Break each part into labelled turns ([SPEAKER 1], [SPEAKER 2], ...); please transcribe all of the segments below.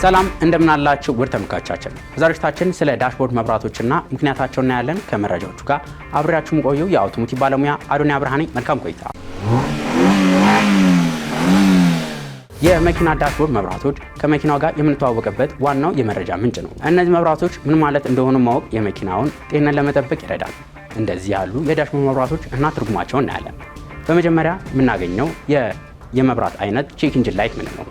[SPEAKER 1] ሰላም እንደምናላችሁ ውድ ተመልካቾቻችን፣ በዛሬዎቻችን ስለ ዳሽቦርድ መብራቶችና ምክንያታቸው እናያለን። ከመረጃዎቹ ጋር አብሬያችሁም ቆዩ። የአውቶሞቲቭ ባለሙያ አዶኒያ ብርሃኔ፣ መልካም ቆይታ። የመኪና ዳሽቦርድ መብራቶች ከመኪናው ጋር የምንተዋወቅበት ዋናው የመረጃ ምንጭ ነው። እነዚህ መብራቶች ምን ማለት እንደሆኑ ማወቅ የመኪናውን ጤንነት ለመጠበቅ ይረዳል። እንደዚህ ያሉ የዳሽቦርድ መብራቶች እና ትርጉማቸውን እናያለን። በመጀመሪያ የምናገኘው የመብራት አይነት ቼክ ኢንጅን ላይት ምንድን ነው?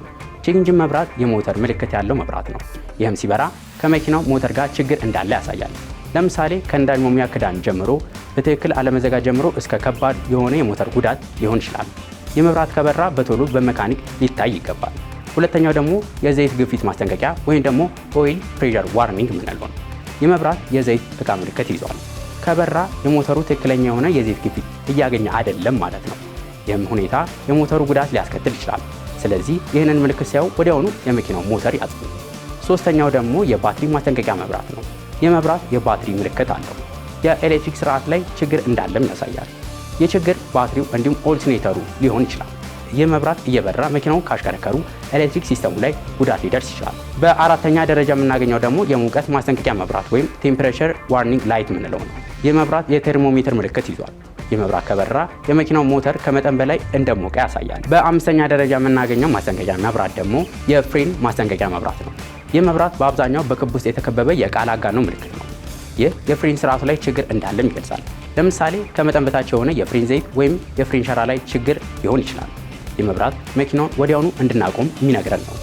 [SPEAKER 1] የኢንጂን መብራት የሞተር ምልክት ያለው መብራት ነው። ይህም ሲበራ ከመኪናው ሞተር ጋር ችግር እንዳለ ያሳያል። ለምሳሌ ከእንዳች መሙያ ክዳን ጀምሮ በትክክል አለመዘጋ ጀምሮ እስከ ከባድ የሆነ የሞተር ጉዳት ሊሆን ይችላል። የመብራት ከበራ በቶሎ በመካኒክ ሊታይ ይገባል። ሁለተኛው ደግሞ የዘይት ግፊት ማስጠንቀቂያ ወይም ደግሞ ኦይል ፕሬሸር ዋርኒንግ የምንለው ነው። የመብራት የዘይት እቃ ምልክት ይዟል። ከበራ የሞተሩ ትክክለኛ የሆነ የዘይት ግፊት እያገኘ አይደለም ማለት ነው። ይህም ሁኔታ የሞተሩ ጉዳት ሊያስከትል ይችላል። ስለዚህ ይህንን ምልክት ሲያዩ ወዲያውኑ የመኪናው ሞተር ያጥፉ። ሶስተኛው ደግሞ የባትሪ ማስጠንቀቂያ መብራት ነው። የመብራት የባትሪ ምልክት አለው። የኤሌክትሪክ ስርዓት ላይ ችግር እንዳለም ያሳያል። የችግር ባትሪው እንዲሁም ኦልትኔተሩ ሊሆን ይችላል። ይህ መብራት እየበራ መኪናውን ካሽከረከሩ ኤሌክትሪክ ሲስተሙ ላይ ጉዳት ሊደርስ ይችላል። በአራተኛ ደረጃ የምናገኘው ደግሞ የሙቀት ማስጠንቀቂያ መብራት ወይም ቴምፕሬቸር ዋርኒንግ ላይት የምንለው ነው። ይህ መብራት የቴርሞሜትር ምልክት ይዟል። ይህ መብራት ከበራ የመኪናው ሞተር ከመጠን በላይ እንደሞቀ ያሳያል። በአምስተኛ ደረጃ የምናገኘው ማስጠንቀቂያ መብራት ደግሞ የፍሬን ማስጠንቀቂያ መብራት ነው። ይህ መብራት በአብዛኛው በክብ ውስጥ የተከበበ የቃል አጋኖ ምልክት ነው። ይህ የፍሬን ስርዓቱ ላይ ችግር እንዳለም ይገልጻል። ለምሳሌ ከመጠን በታች የሆነ የፍሬን ዘይት ወይም የፍሬን ሸራ ላይ ችግር ሊሆን ይችላል። መብራት መኪናውን ወዲያውኑ እንድናቆም የሚነግረን ነው።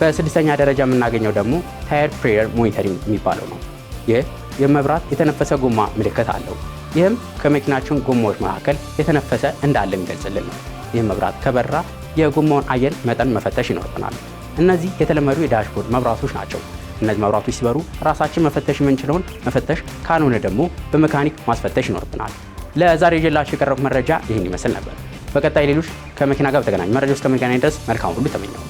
[SPEAKER 1] በስድስተኛ ደረጃ የምናገኘው ደግሞ ታየር ፕሬየር ሞኒተሪንግ የሚባለው ነው። ይህ የመብራት የተነፈሰ ጎማ ምልክት አለው። ይህም ከመኪናችን ጎማዎች መካከል የተነፈሰ እንዳለ የሚገልጽልን ነው። ይህ መብራት ከበራ የጎማውን አየር መጠን መፈተሽ ይኖርብናል። እነዚህ የተለመዱ የዳሽቦርድ መብራቶች ናቸው። እነዚህ መብራቶች ሲበሩ ራሳችን መፈተሽ የምንችለውን መፈተሽ፣ ካልሆነ ደግሞ በመካኒክ ማስፈተሽ ይኖርብናል። ለዛሬ ይዤላችሁ የቀረቡት መረጃ ይህን ይመስል ነበር። በቀጣይ ሌሎች ከመኪና ጋር በተገናኙ ውስጥ እስከምንገናኝ ድረስ መልካም ሁሉ ተመኘው።